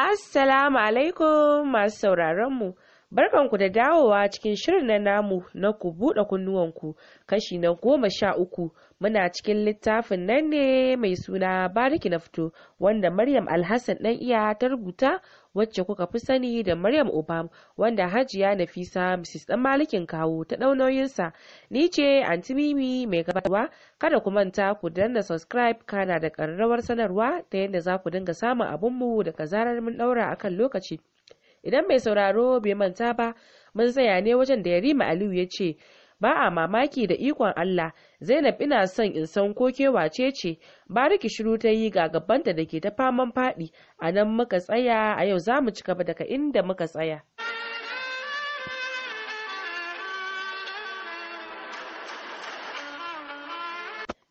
Assalamu alaikum masu sauraronmu. Barkanku da dawowa cikin shirin na namu na ku buɗe kunnuwanku kashi na goma sha uku muna cikin littafin nan ne mai suna bariki na fito wanda Maryam Alhassan ɗan iya ta rubuta wacce kuka fi sani da Maryam Obam wanda Hajiya Nafisa Mrs. Dan Malikin Kawo ta ɗaunoyinsa, Ni ce Anti Mimi mai gabatarwa kada ku manta ku danna subscribe kana da ƙararrawar sanarwa ta yadda za ku dinga samun abinmu daga zarar mun ɗaura akan lokaci. idan mai sauraro bai manta ba mun tsaya ne wajen da yarima aliyu ya ce ba a mamaki da ikon allah zainab ina son in san ko ke wace ce riki shiru ta yi ga gabanta da ke ta faman faɗi a nan muka tsaya a yau za mu ci gaba daga inda muka tsaya.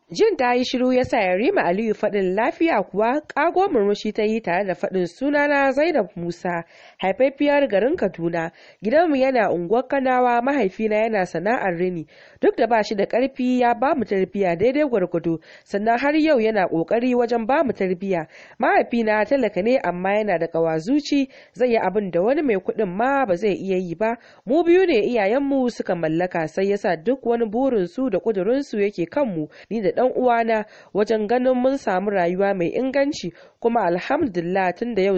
Jin ta yi shiru ya sa Yarima Aliyu faɗin lafiya kuwa ƙago murmushi ta yi tare da faɗin sunana Zainab Musa, haifaffiyar garin Kaduna. Gidanmu yana unguwar Kanawa, mahaifina yana sana'ar rini. Duk da ba shi da ƙarfi ya ba mu tarbiyya daidai gwargwado, sannan har yau yana ƙoƙari wajen ba mu tarbiyya. Mahaifina talaka ne amma yana da ƙawazuci, zai yi abin da wani mai kuɗin ma ba zai iya yi ba. Mu biyu ne iyayenmu suka mallaka sai yasa duk wani burinsu da ƙudurinsu yake kanmu, ni da ɗan uwana wajen ganin mun samu rayuwa mai inganci kuma alhamdulillah tun da yau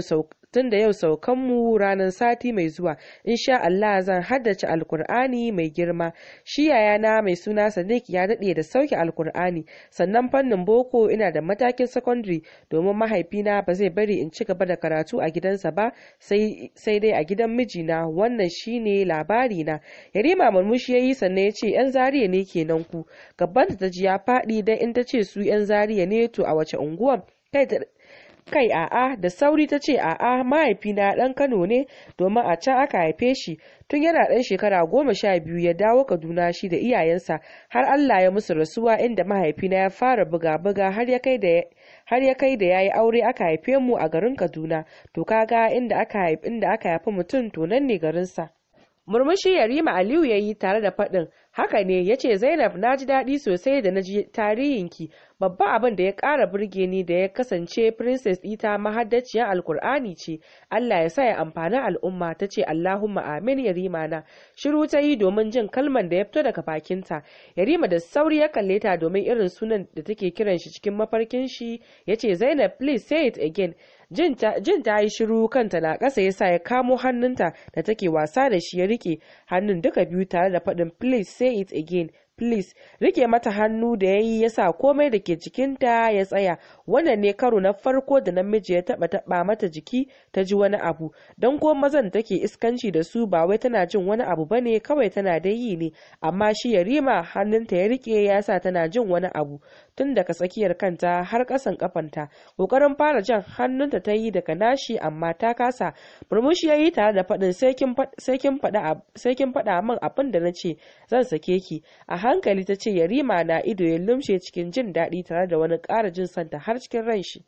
tun da yau saukanmu ranar sati mai zuwa insha Allah zan haddace alkur'ani mai girma shi yayana mai suna Sadiq ya daɗe da sauke alkur'ani sannan fannin boko ina da matakin secondary domin mahaifina ba zai bari in ci gaba da karatu a gidansa ba sai dai a gidan mijina wannan shine labari na yarima murmushi yayi sannan ya ce yan zariya ne kenan ku gaban ta ji ya faɗi dan in ta ce su yan zariya ne to a wace unguwar kai kai a'a da sauri ta ce a'a mahaifina ɗan kano ne domin a can aka haife shi tun yana ɗan shekara goma sha biyu ya dawo kaduna shi da iyayensa har allah ya musu rasuwa inda mahaifina ya fara buga-buga har ya kai da ya kai yayi aure aka haife mu a garin kaduna to kaga inda aka haifi mutum to nan ne garinsa murmushi yarima aliyu ya yi tare da faɗin haka ne ya ce zainab na ji daɗi sosai da na ji tarihinki babba abin da ya ƙara burge ni da ya kasance princess ita mahaddaciyar alkur'ani ce allah ya sa ya amfani al'umma ta ce allahumma amin yarima na shiru ta yi domin jin kalman da ya fito daga bakinta yarima da sauri ya kalle ta domin irin sunan da take kiran shi cikin mafarkin shi ya ce zainab please say it again jin ta yi shiru kanta na ƙasa ya sa ya kamo hannunta da take wasa da shi ya rike hannun duka biyu tare da faɗin please say it again please rike mata hannu da ya yi ya sa komai da ke cikinta ya tsaya wannan ne karo na farko da namiji ya taɓa taɓa mata jiki ta ji wani abu don ko mazan take iskanci da su ba wai tana jin wani abu ba ne, kawai tana dai yi ne amma shi ya rima hannunta ya rike ya sa tana jin wani abu tun daga tsakiyar kanta har ƙasan kafanta ƙoƙarin fara jan hannunta ta yi daga nashi amma ta kasa murmushi ya yi tare da faɗin sai kin faɗa min abin da na ce zan sake ki a hankali ta ce yarima na ido ya lumshe cikin jin daɗi tare da wani ƙara jin santa har cikin ran shi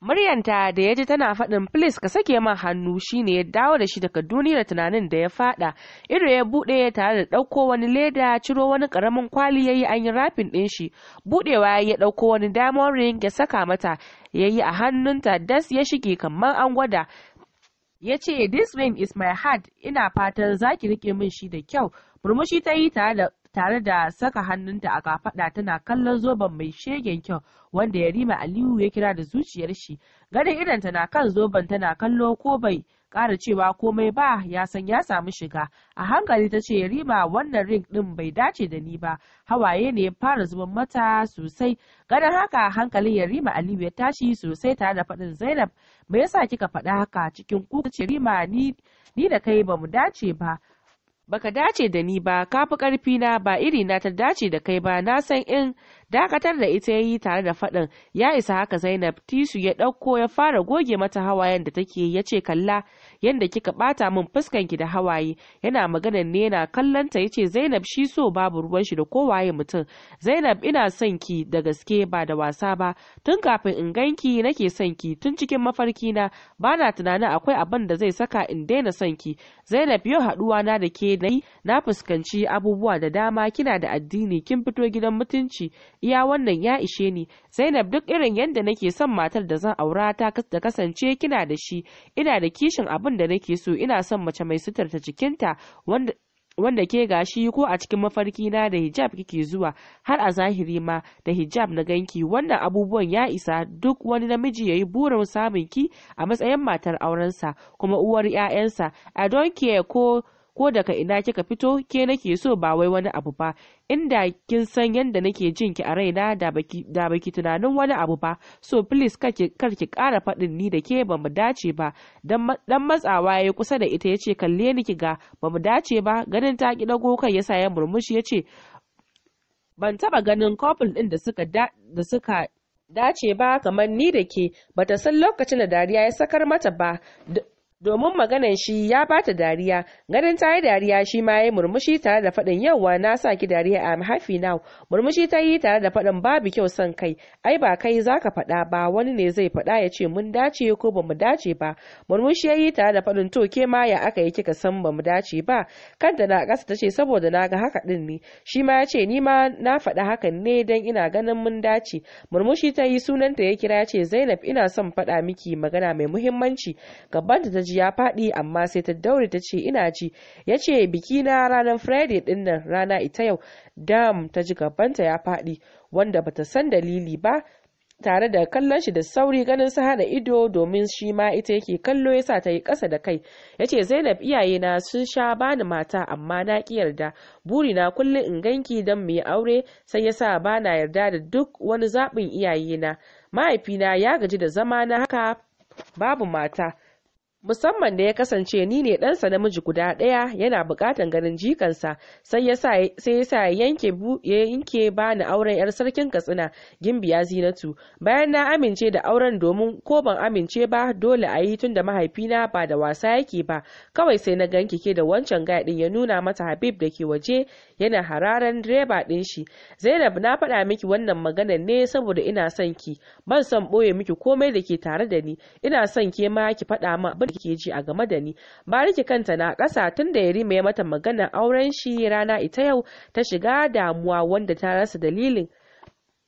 muryanta da ya ji tana faɗin please ka sake min hannu shine ya dawo da shi daga duniyar tunanin da ya faɗa ido ya buɗe tare da ɗauko wani leda ciro wani ƙaramin kwali ya yi an yi rafin ɗin shi buɗewa ya ɗauko wani diamond ring ya saka mata ya yi a hannunta das ya shige kamar an gwada ya ce this ring is my heart ina fatan za ki riƙe min shi da kyau murmushi ta yi tare da tare da saka hannunta a kafada tana kallon zoben mai shegen kyau wanda Yarima Aliyu ya kira da zuciyar shi. Ganin idanta na kan zoben tana kallo ko bai kara cewa komai ba ya san ya samu shiga. A hankali ta ce Yarima wannan ring din bai dace da ni ba. Hawaye ne fara zuban mata sosai. Ganin haka hankalin Yarima Aliyu ya tashi sosai tare da faɗin Zainab me yasa kika faɗa haka cikin kuka ce Yarima ni ni da kai ba mu dace ba. baka dace da ni ba ka fi ƙarfina ba irina ta dace da kai ba na san in dakatar da ita yayi tare da faɗin ya isa haka zainab tisu ya ɗauko ya fara goge mata hawayen da take ya ce kalla yadda kika ɓata min ki da hawaye yana maganar ne yana kallon ya ce zainab shi so babu ruwan shi da kowaye mutum zainab ina son ki da gaske ba da wasa ba tun kafin in ganki nake son ki tun cikin mafarki na bana tunanin akwai abin da zai saka in daina son ki zainab yau haɗuwa na da ke na fuskanci abubuwa da dama kina da addini kin fito gidan mutunci iya wannan ya ishe ni zainab duk irin yadda nake son matar da zan aura ta da kasance kina da shi ina da kishin abin da nake so ina son mace mai suturta jikinta wanda wanda ke gashi ko a cikin mafarki na da hijab kike zuwa har a zahiri ma da hijab na ganki wannan abubuwan ya isa duk wani namiji yayi burin samun ki a matsayin matar aurensa kuma uwar 'ya'yansa a don care ko ko daga ina kika fito ke nake so ba wai wani abu ba inda kin san yadda nake jin ki a raina da baki tunanin wani abu ba so please kar ki ƙara faɗin ni da ke ba mu dace ba dan matsawa ya kusa da ita yace kalle ni ki ga ba mu dace ba ganin ta ki dago kai yasa ya murmushi yace ban taba ganin couple din da suka da suka dace ba kamar ni da ke bata san lokacin da dariya ya sakar mata ba domin maganan shi ya bata dariya ganin ta yi dariya shi ma ya murmushi tare da faɗin yauwa na sa ki dariya a happy now murmushi ta yi tare da faɗin babu kyau son kai ai ba kai zaka faɗa ba wani ne zai faɗa ya ce mun dace ko ba mu dace ba murmushi ya yi tare da faɗin to ke ma ya aka yi kika san ba mu dace ba kanta na ƙasa ta ce saboda na ga haka ɗin ne shi ma ya ce ni ma na faɗa hakan ne don ina ganin mun dace murmushi ta yi sunanta ya kira ya ce zainab ina son faɗa miki magana mai muhimmanci gaban ta ji ji ya faɗi amma sai ta daure ta ce ina ci. ya ce biki na ranar friday din rana ita yau dam ta ji gabanta ya faɗi wanda bata san dalili ba tare da kallon shi da sauri ganin su hada ido domin shi ma ita yake kallo yasa ta yi ƙasa da kai ya ce zainab iyaye na sun sha bani mata amma na ƙi yarda Buri na kullum in ganki don mu yi aure sai yasa ba na yarda da duk wani zaɓin iyayena mahaifina ya gaji da zama na haka babu mata musamman da ya kasance ni ne ɗansa namiji guda ɗaya yana buƙatan ganin jikansa sai ya sa ya yanke ya yanke bani auren yar sarkin katsina gimbiya zinatu bayan na amince da auren domin ko ban amince ba dole a yi tun da mahaifina ba da wasa yake ba kawai sai na ganki ke da wancan gaɗin ya nuna mata habib da ke waje yana hararan direba ɗin shi zainab na faɗa miki wannan maganan ne saboda ina son ki ban son ɓoye miki komai da ke tare da ni ina son ke ma ki faɗa ma kike ji a game da ni bariki kanta na ƙasa tun da yarima ya mata magana auren shi rana ita yau ta shiga damuwa wanda ta rasa dalilin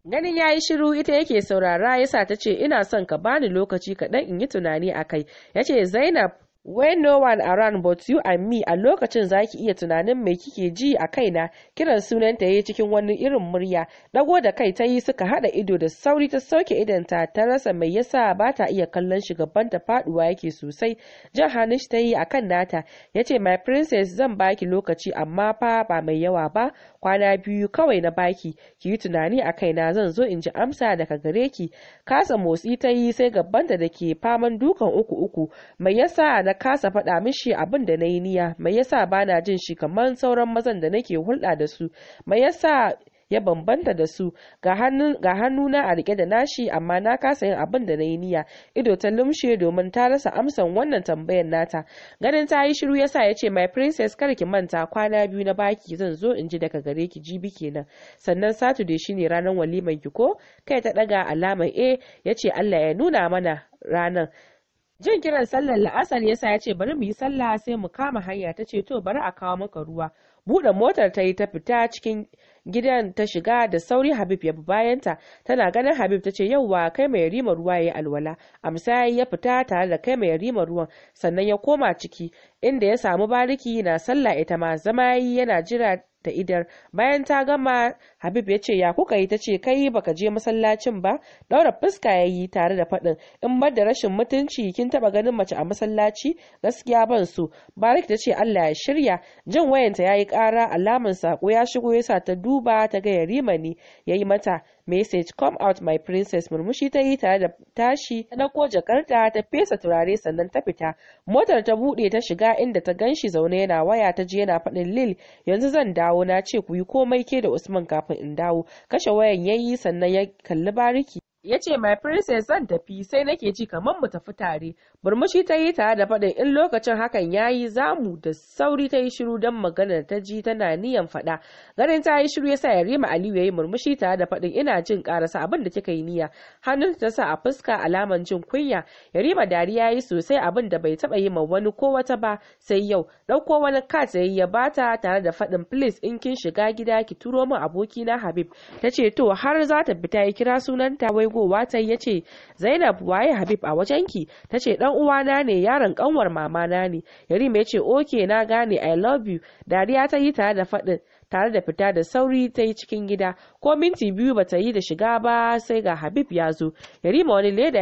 ganin ya yi shiru ita yake saurara yasa ta ce ina son ka bani lokaci kaɗan in yi tunani a kai ya ce zainab when no one around but you and me a lokacin zaki iya tunanin mai kike ji a kaina kiran sunanta yi cikin wani irin murya dago da kai ta yi suka hada ido da sauri ta sauke idanta ta rasa mai yasa ba ta iya kallon shi gaban ta faduwa yake sosai jan hanish ta yi akan nata yace my princess zan baki lokaci amma fa ba mai yawa ba kwana biyu kawai na baki ki yi tunani a kaina zan zo in ji amsa daga gare ki kasa motsi ta yi sai gabanta da ke faman dukan uku uku mai yasa na na kasa faɗa mishi abin da na yi niyya mai yasa ba na jin shi kamar sauran mazan da nake hulɗa da su mai yasa ya bambanta da su ga hannuna a rike da nashi amma na kasa yin abin da na yi niya ido ta lumshe domin ta rasa amsan wannan tambayar nata ganin ta yi shiru yasa ya ce my princess kar ki manta kwana biyu na baki zan zo in ji daga gare ki jibi kenan sannan saturday shine ranar waliman ki ko kai ta daga alamar a ya ce allah ya nuna mana ranar jin kiran sallar la'asar yasa ya ce bari mu yi sallah sai mu kama hanya ta ce to bari a kawo maka ruwa buɗe motar ta yi ta fita cikin gidan ta shiga da sauri habib ya bi bayanta tana ganin habib ta ce yauwa kai mai rima ruwa ya yi alwala amsa ya fita tare da kai mai rima ruwan sannan ya koma ciki inda ya samu bariki na sallah ita ma zama yi yana jira ta idar bayan ta gama habib ya ce ya kuka yi ta ce kai baka je masallacin ba daura fuska ya yi tare da faɗin in bar da rashin mutunci kin taɓa ganin mace a masallaci gaskiya ban su barik ta ce allah ya shirya jin wayanta ya yi ƙara alaman sako ya shigo ya sa ta duba ta ga yarima ne ya yi mata message come out my princess murmushi ta yi tare da tashi ta ko jakarta ta fesa turare sannan ta fita motar ta bude ta shiga inda ta ganshi zaune yana waya ta ji yana faɗin lil yanzu zan dawo na ce ku yi komai ke da usman kafin in dawo kashe wayan yayi sannan ya kalli bariki ya ce my princess zan tafi sai nake ji kamar mu tafi tare murmushi ta yi tare da faɗin in lokacin hakan ya yi zamu da sauri ta yi shiru don maganar ta ji tana niyan faɗa ganin ta yi shiru ya sa yarima aliyu ya yi murmushi tare da faɗin ina jin ƙarasa abin da kika yi niyya hannun ta sa a fuska alaman jin kunya yarima dariya ya yi sosai abin da bai taɓa yi ma wani ko wata ba sai yau ɗauko wani kat ya yi ya bata tare da faɗin please in kin shiga gida ki turo min abokina habib ta ce to har za ta fita ya kira sunanta wai shigowa ta ya ce zainab waye habib a wajenki ta ce dan uwana ne yaron kanwar mamana ne yarima ya ce oke na gane i love you dariya ta yi tare da faɗin tare da fita da sauri ta yi cikin gida ko minti biyu ba ta yi da shiga ba sai ga habib ya zo ya rima wani leda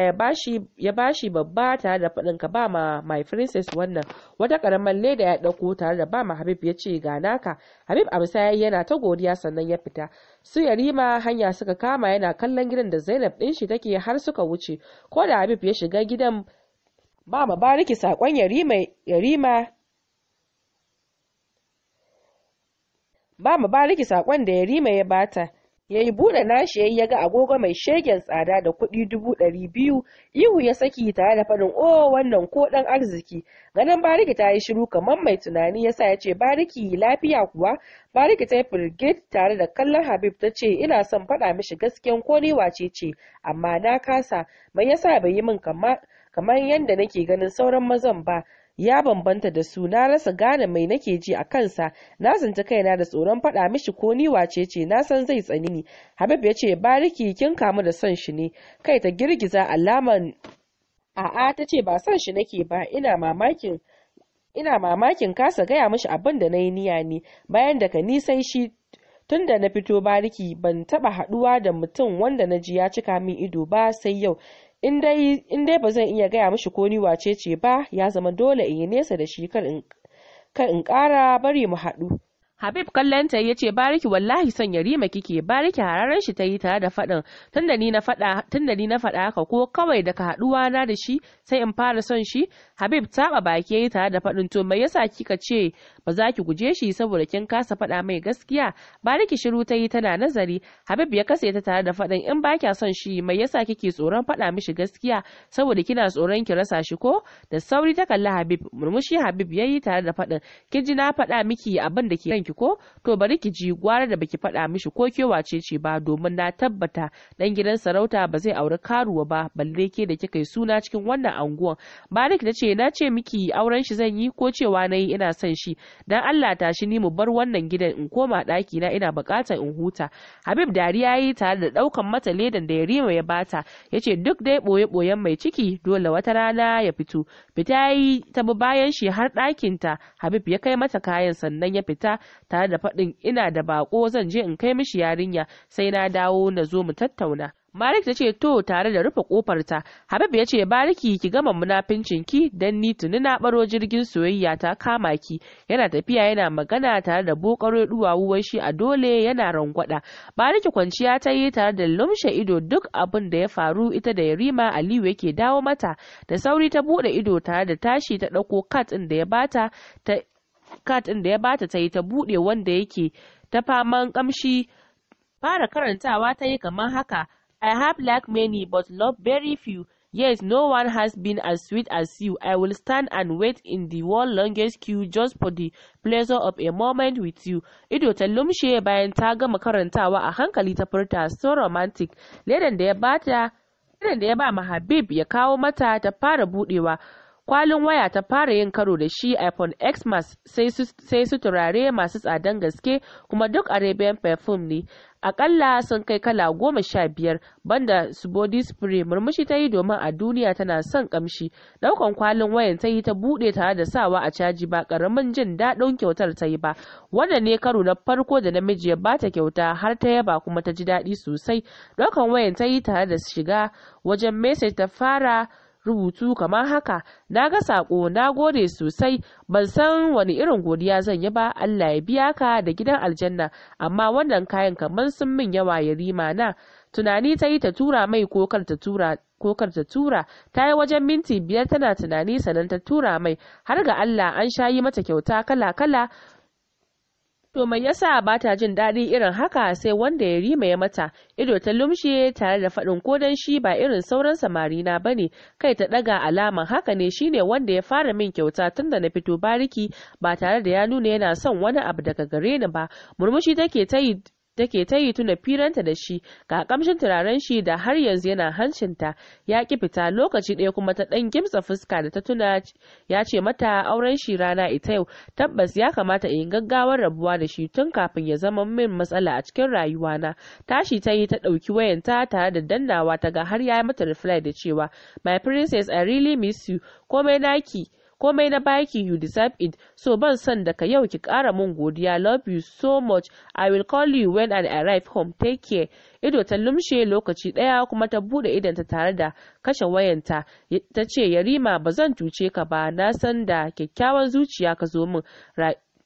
ya bashi babba tare da faɗin ka ba ma my princess wannan wata karamar leda ya ɗauko tare da ba ma habib ya ce ga naka habib a misaya yana ta godiya sannan ya fita su yarima hanya suka kama yana kallon gidan da zainab ɗin shi take har suka wuce ko da habib ya shiga gidan ba ma bariki saƙon yarima ba mu bariki sakon da yarima ya bata ya yi buɗe nashi ya ya ga agogo mai shegen tsada da kuɗi dubu ɗari biyu ihu ya saki tare da faɗin o oh, wannan ko ɗan arziki ganin bariki ta yi shiru kamar mai tunani ya sa ya ce bariki lafiya kuwa bariki ta yi firgit tare da kallon habib ta ce ina son faɗa mishi gaskiyan ko ni wace ce amma na kasa mai yasa bai yi min kamar yadda nake ganin sauran mazan ba ya bambanta da su na rasa gane mai nake ji a kansa na zanta kaina da tsoron faɗa mishi ko ni wace ce na san zai tsani ni habib ya ce bariki kin kamu da son shi ne kai ta girgiza alaman a'a ta ce ba son shi nake ba ina mamakin ina mamakin kasa gaya mishi abin da na yi niyya ne bayan daga ni sai shi tun da na fito bariki ban taba haɗuwa da mutum wanda na ji ya cika min ido ba sai yau in dai ba zan iya gaya mishi ko ni wace ce ba ya zama dole in yi nesa da shi kar in ƙara bari mu haɗu Habib kallanta ya ce bariki wallahi son yarima kike bariki hararan shi ta yi tare da faɗin tunda ni na faɗa tunda ni na faɗa haka ko kawai daga haɗuwa na da shi sai in fara son shi Habib taba baki yayi tare da faɗin to me yasa kika ce ba za ki guje shi saboda kin kasa faɗa mai gaskiya bariki shiru ta yi tana nazari Habib ya kasa ta tare da faɗin in ba kya son shi me yasa kike tsoron faɗa mishi gaskiya saboda kina tsoron ki rasa shi ko da sauri ta kalli Habib murmushi Habib yayi tare da faɗin kin ji na faɗa miki abin da ke ranki miki ko to bari ki ji gwara da baki faɗa mishi ko ke wace ce ba domin na tabbata dan gidan sarauta ba zai auri karuwa ba balle ke da kika yi suna cikin wannan anguwan Barik ta ce na ce miki auren shi zan yi ko cewa na yi ina son shi dan Allah tashi ni mu bar wannan gidan in koma ɗaki na ina buƙatar in huta Habib dariya yi tare da ɗaukan mata ledan da Yarima ya bata yace duk dai ɓoye-ɓoyen mai ciki dole wata rana ya fito fita yi ta bayan shi har ɗakinta Habib ya kai mata kayan sannan ya fita tare da faɗin ina da baƙo zan je in kai mishi yarinya sai na dawo na zo mu tattauna Malik ta ce to tare da rufe kofar ta Habib ya ce bariki ki gama munafincin ki dan ni tuni na baro jirgin soyayya ta kama ki. Yana tafiya yana magana tare da bokaro duwawu shi a dole yana rangwada. Bariki kwanciya ta yi tare da lumshe ido duk abin da ya faru ita da Yarima Aliyu yake dawo mata. Da sauri ta bude ido tare da tashi ta dauko kat din da ya bata ta kat ɗin da ya bata ta yi ta buɗe wanda yake ta faman ƙamshi fara karantawa ta yi kamar haka I have like many but love very few. Yes, no one has been as sweet as you. I will stand and wait in the world longest queue just for the pleasure of a moment with you. Ido ta lumshe bayan ta gama karantawa a hankali ta furta so romantic. Ledan da ya bata, ledan da ya ba ma Habib ya kawo mata ta fara buɗewa. kwalin waya ta fara yin karo da shi iphone xmas sai su turare masu tsadan gaske kuma duk arabian perfume ne akalla sun kai kala goma sha biyar banda su body spray murmushi ta yi domin a duniya tana son kamshi daukan kwalin wayan ta yi ta bude tare da sawa a caji ba karamin jin daɗin kyautar ta yi ba wannan ne karo na farko da namiji ya bata kyauta har ta yaba kuma ta ji daɗi sosai daukan wayan ta yi tare da shiga wajen message ta fara rubutu kamar haka na ga sako na gode sosai ban san wani irin godiya zan yi ba Allah ya biya ka da gidan aljanna amma wannan kayan kamar sun min yawa ya rima na tunani ta yi ta tura mai kokar ta tura kokar ta tura ta yi wajen minti biyar tana tunani sannan ta tura mai har ga Allah an sha yi mata kyauta kala kala To mai yasa ba ta jin daɗi irin haka sai wanda ya rima ya mata, ido ta lumshe tare da faɗin kodan shi ba irin sauran samari na ne kai ta ɗaga alaman haka ne shine wanda ya fara min kyauta tun da na fito bariki ba tare da ya nuna yana son wani abu daga gare ni ba, murmushi take ta yi take ta yi tuna firanta da shi ga kamshin turaren shi da har yanzu yana hancinta ya ki fita lokaci ɗaya kuma ta ɗan gimsa fuska da ta tuna ya ce mata auren shi rana ita yau tabbas ya kamata in gaggawar rabuwa da shi tun kafin ya zama min matsala a cikin rayuwana tashi ta yi ta ɗauki wayanta tare da dannawa ta ga har ya mata reply da cewa my princess i really miss you komai naki komai na baki you deserve it so ban son daga yau ki kara mun godiya love you so much i will call you when i arrive home take care ido ta lumshe lokaci daya kuma ta bude idanta tare da kashe wayanta ta ce yarima ba zan cuce ka ba na san da kyakkyawan zuciya ka zo min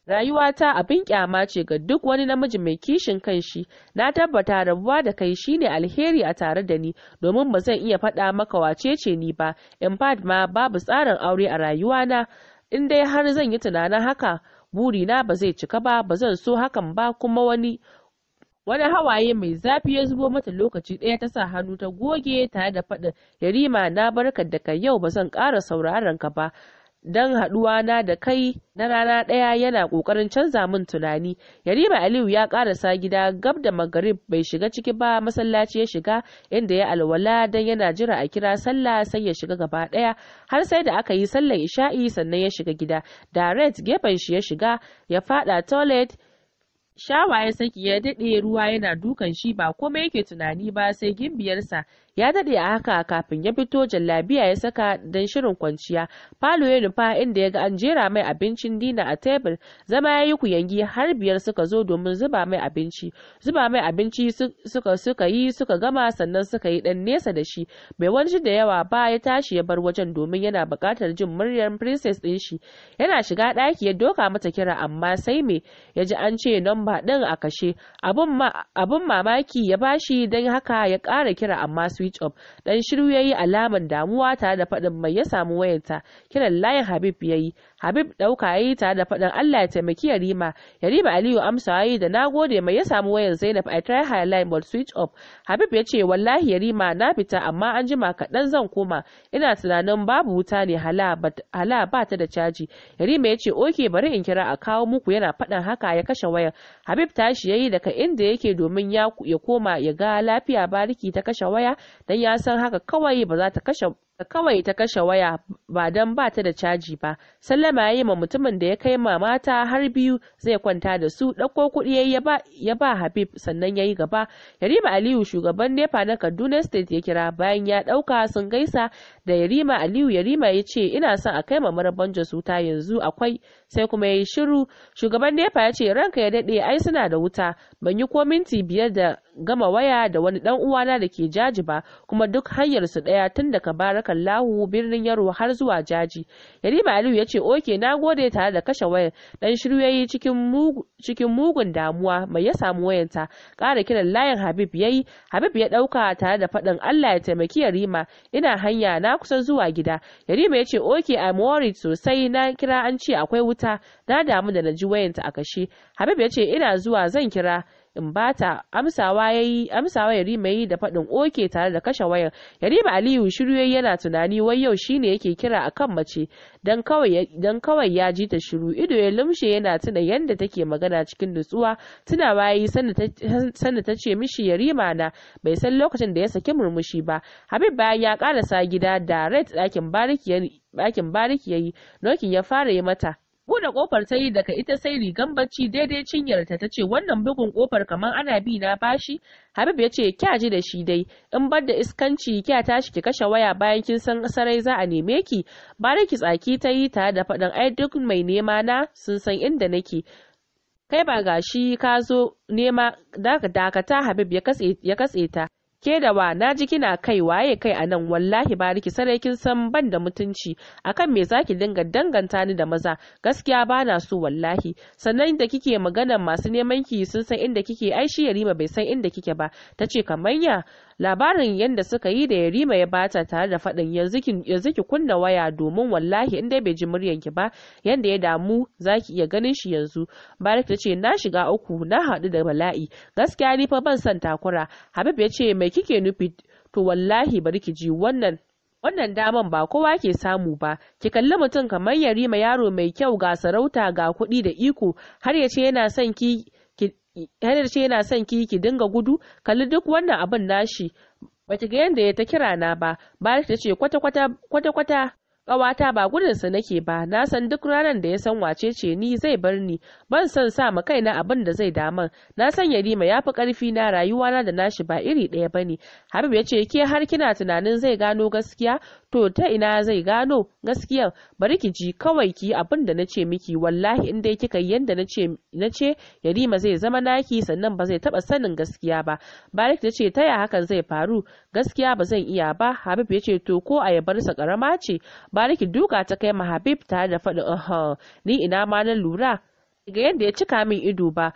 Rayuwata abin kyama ce ga duk wani namiji mai kishin kanshi, na tabbata rabuwa da kai shine alheri a tare da ni domin ba zan iya faɗa maka wacece ni ba, in fact ma babu tsarin aure a rayuwana, in dai har zan yi tunanin haka burina ba zai cika ba, ba zan so hakan ba kuma wani wani hawaye mai zafi ya zubo mata lokaci ɗaya ta sa hannu ta goge tare da faɗin yarima na barka da kai yau ba zan ƙara sauraron ka ba don haɗuwa na da kai na rana ɗaya yana ƙoƙarin canza min tunani yariba aliyu ya ƙarasa gida gab da magarib bai shiga ciki ba masallaci ya shiga inda ya alwala don yana jira a kira sallah sai ya shiga gaba ɗaya har sai da aka yi sallar isha'i sannan ya shiga gida Da Red gefen shi ya shiga ya faɗa toilet shawa ya saki ya daɗe ruwa yana dukan shi ba komai yake tunani ba sai gimbiyarsa ya daɗe a haka kafin ya fito jallabiya ya saka don shirin kwanciya falo ya nufa inda ya ga an jera mai abincin dina a tebur zama ya yi kuyangi har biyar suka zo domin zuba mai abinci zuba mai abinci suka suka yi suka gama sannan suka yi ɗan nesa da shi bai wani da yawa ba ya tashi ya bar wajen domin yana buƙatar jin muryar princess ɗin shi yana shiga ɗaki ya doka mata kira amma sai me ya ji an ce namba ɗin a kashe abun mamaki ya bashi don haka ya ƙara kira amma su switch up dan shiru yayi alaman damuwa tare da faɗin mai ya samu wayarta kiran layin habib yayi habib ɗauka ya yi tare da faɗin allah ya taimaki yarima yarima aliyu amsa yayi da na gode mai ya samu wayar zainab i try her line but switch off habib ya ce wallahi yarima na fita amma an jima kaɗan zan koma ina tunanin babu wuta ne hala ba ta da caji yarima ya ce oke bari in kira a kawo muku yana faɗin haka ya kashe wayar habib tashi ya yi daga inda yake domin ya koma ya ga lafiya bariki ta kashe waya don ya san haka kawai ba za ta kashe da kawai ta kashe waya ba don ba ta da caji ba sallama ya yi ma mutumin da ya kai ma mata har biyu zai kwanta da su ɗauko kuɗi ya ba habib sannan ya yi gaba yarima aliyu shugaban nepa na kaduna state ya kira bayan ya ɗauka sun gaisa da yarima aliyu yarima ya ce ina son a kai ma maraban jasuta yanzu akwai sai kuma ya yi shiru shugaban nepa ya ce ranka ya daɗe ai suna da wuta ban yi ko minti biyar da gama waya da wani ɗan uwana da ke jaji ba kuma duk hanyar su ɗaya tun daga baraka Kallahu birnin Yarwa har zuwa Jaji. Yarima Aliyu ya ce oke na gode tare da kashe wayar dan shiru yayi cikin mugun damuwa mai ya samu wayanta ƙara kiran layin Habib yayi Habib ya ɗauka tare da faɗin Allah ya taimaki Yarima ina hanya na kusa zuwa gida. Yarima ya ce oke I'm worried sosai na kira an ce akwai wuta na damu da na ji wayanta a kashe. Habib ya ce ina zuwa zan kira in bata amsawa yi amsawa Yarima yi da faɗin oke tare da kashe wayar Yarima Aliyu shiru yayi yana tunani wai yau shine yake kira akan mace dan kawai dan kawai ya ji ta shiru ido ya lumshe yana tuna yadda take magana cikin nutsuwa tunawa yayi sanda ta ce mishi Yarima na bai san lokacin da ya saki murmushi ba Habib bayan ya karasa gida da red ɗakin bariki yayi nokin ya fara yi mata Buɗe kofar ta yi daga ita sai rigan bacci daidai cinyarta ta ce wannan bugun kofar kamar ana bi na bashi. Habib ya ce kya ji da shi dai in bar da iskanci kya tashi ki kashe waya bayan kin san sarai za a neme ki. ki tsaki ta yi tare da faɗin ai duk mai nema na sun san inda nake. Kai ba gashi ka zo nema dakata Habib ya katse ta. ke da wa na ji kina kai waye kai a nan wallahi bariki sarai kin san ban da mutunci akan me zaki dinga danganta ni da maza gaskiya bana so wallahi sannan da kike magana masu neman ki sun san inda kike ai shi yarima bai san inda kike ba tace kamar ya labarin yadda suka yi da yarima ya bata tare da faɗin yanzu ki kunna waya domin wallahi in dai bai ji muryan ki ba yadda ya damu zaki iya ganin shi yanzu barik ta ce na shiga uku na haɗu da bala'i gaskiya ni fa ban son takura habib ya ce mai kike nufi to wallahi bari ki ji wannan wannan daman ba kowa ke samu ba ki kalli mutum kamar yarima yaro mai kyau ga sarauta ga kuɗi da iko har ya ce yana son ki Henry ce yana son ki ki dinga gudu kalli duk wannan abin nashi baki ga yanda ya ta kira na ba bayan ta ce kwata kwata kwata kwata ƙawata ba gudunsa nake ba na san duk ranar da ya san wace ce ni zai bar ni ban san sa ma kaina abin da zai daman na san yarima ya fi ƙarfi na rayuwana da nashi ba iri ɗaya bane habib ya ce ke har kina tunanin zai gano gaskiya to ta ina zai gano gaskiyan bari ki ji kawai ki abin da nace miki wallahi in dai kika yi yanda nace nace yarima zai zama naki sannan ba zai taba sanin gaskiya ba barik ta ce taya hakan zai faru gaskiya ba zan iya ba habib ya ce to ko ayabarsa karama ce bariki duka ta kai ma habib tare da faɗi ni ina ma na lura ga yadda ya cika min ido ba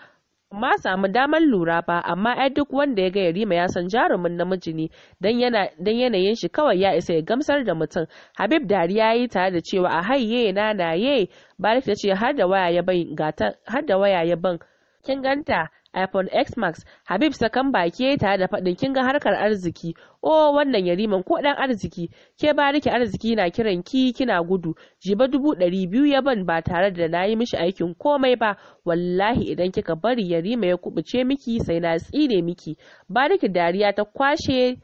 ma samu damar lura ba amma ai duk wanda ya ga yarima ya san jarumin namiji ne dan yanayin shi kawai ya isa ya gamsar da mutum habib dariya ya yi tare da cewa a hayye na na ye ba ta ce har da waya ya ban kin ganta iphone x max habib sakan baki tare da faɗin kin ga harkar arziki o oh, wannan yariman ko ɗan arziki ke bariki arziki na kiran ki kina gudu jiba dubu ɗari biyu ya ban ba tare da na yi mishi aikin komai ba wallahi idan kika bari yarima ya kubuce miki sai na tsire miki bariki dariya ta kwashe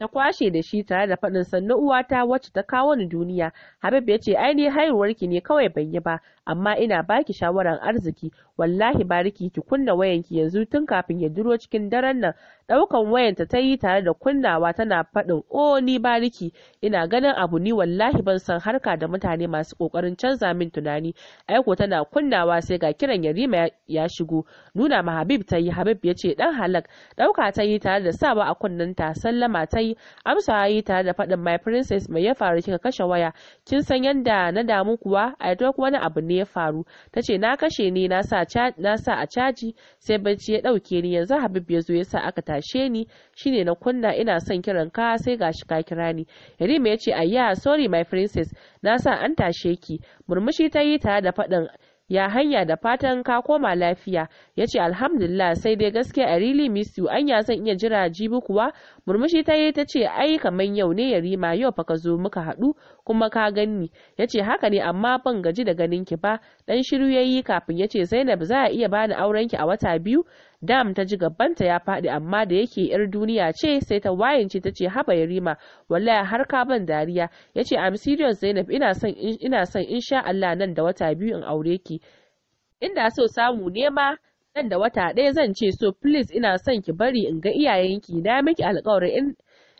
ta kwashe da shi tare da faɗin sannu uwata wacce ta kawo ni duniya habib ya ce ai ni haihuwarki ne kawai ban yi ba amma ina baki shawaran arziki wallahi bariki ki kunna wayanki yanzu tun kafin ya duro cikin daren nan Daukan wayanta ta yi tare da kunnawa tana faɗin o oh, ni bariki ina ganin abu ni wallahi ban san harka da mutane masu ƙoƙarin canza min tunani aiko tana kunnawa sai ga kiran yarima ya shigo nuna ma habib ta yi habib ya ce ɗan halak ɗauka ta yi tare da sawa a ta, sallama ta yi amsa yi tare da faɗin my princess mai ya faru kika kashe waya kin san yanda na damu kuwa a wani abu ne ya faru ta ce na kashe ne na sa a caji sai bacci ya ɗauke ni yanzu habib ya zo ya sa aka tashi tashe ni shine na kunna ina son kiran ka sai gashi ka kira ni yarima ya ce ayya sorry my princess na sa an tashe ki murmushi ta yi tare da faɗin ya hanya da fatan ka koma lafiya ya ce alhamdulillah sai dai gaskiya a really miss you anya zan iya jira jibi kuwa murmushi ta yi ta ce ai kamar yau ne yarima yau fa ka zo muka haɗu kuma ka ganni ya ce haka ne amma ban gaji da ganin ki ba dan shiru ya yi kafin ya ce zainab za a iya bani auren ki a wata biyu dam ta ji gabanta ya faɗi amma da yake yar duniya ce sai ta wayance ta ce haba yarima wallahi har ka ban dariya ya ce am serious zainab ina son ina son insha Allah nan da wata biyu in aure ki inda so samu nema nan da wata ɗaya zan ce so please ina son ki bari in ga iyayenki na miki alƙawari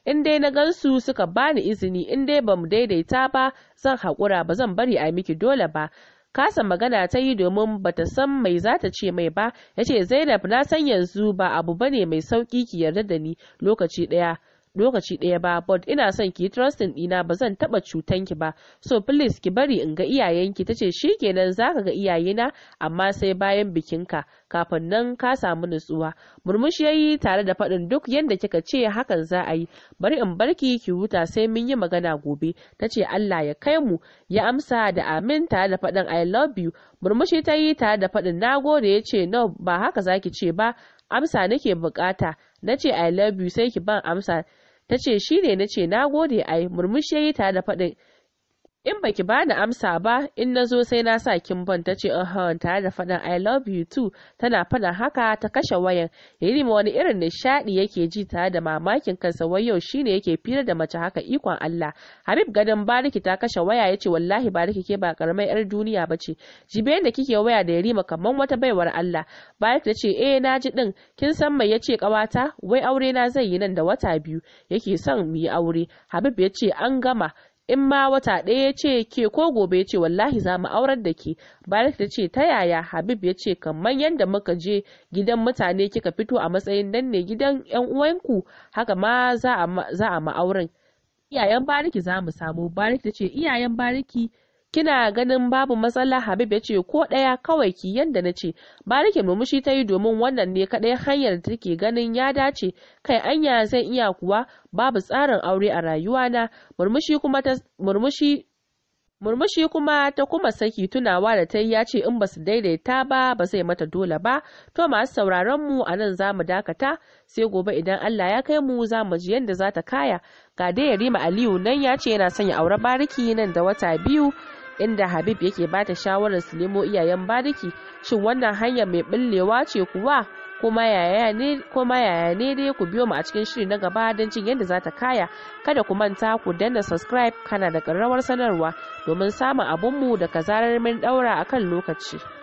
in dai na gansu suka bani izini in dai bamu daidaita ba zan haƙura ba zan bari a miki dole ba kasa magana ta yi domin bata san mai zata ce mai ba yace Zainab na san yanzu ba abu bane mai sauƙi ki yarda da ni lokaci ɗaya. lokaci ɗaya ba but ina son ki trusting ɗina ba zan taɓa cutan ki ba so please ki bari in ga iyayenki tace shikenan zaka ga iyayena amma sai bayan bikinka kafin nan ka samu nutsuwa murmushi yayi tare da faɗin duk yadda kika ce hakan za a yi bari in barki ki huta sai mun yi magana gobe tace Allah ya kai mu ya amsa da amin tare da faɗin I love you murmushi ta yi tare da faɗin nagode ya ce no ba haka zaki ce ba amsa nake bukata na ce I love you sai ki ban amsa Ta ce shi ne na ce na gode ai, murmushi ya yi tare da faɗin In baki bani amsa ba, in na zo sai na sa kin ban tace in tare da faɗin I love you too tana faɗin haka ta kashe wayan. Yarima wani irin nishaɗi yake ji tare da mamakin kansa wai yau shine yake fira da mace haka ikon Allah. Habib gadon Bariki ta kashe waya yace wallahi Bariki ke ba karamar yar duniya ba ce. Jibe da kike waya da Yarima kaman wata baiwar Allah. Bariki ce, eh na ji ɗin, kin san mai yace kawata wai aure na zai yi nan da wata biyu yake son mu yi aure. Habib yace an gama in ma wata ɗaya ya ce ke ko gobe ya ce wallahi za mu aurar da ke barik ta ce ta yaya habib ya ce kamar yadda muka je gidan mutane kika fito a matsayin nan ne gidan yan uwanku haka ma za a ma'auran iyayen bariki za mu samu bariki ta ce iyayen bariki kina ganin babu matsala habib ya ce ko ɗaya kawai ki yanda na ce nake murmushi ta yi domin wannan ne kaɗai hanyar da take ganin ya dace kai anya zan iya kuwa babu tsarin aure a rayuwana murmushi kuma ta murmushi murmushi kuma ta kuma saki tunawa da ta yi ya ce in ba su daidaita ba ba zai mata dole ba to masu sauraron mu a nan za mu dakata sai gobe idan Allah ya kai mu za mu ji yadda za ta kaya ga dai rima Aliyu nan ya ce yana sanya aure bariki nan da wata biyu inda habib yake ta shawarar su nemo iyayen bariki shin wannan hanya mai bullewa ce kuwa kuma yaya ne dai ku biyo mu a cikin shiri na gaba don cin yadda za ta kaya kada ku manta ku danna subscribe kana da karrawar sanarwa domin samun abunmu da zarar min ɗaura akan lokaci.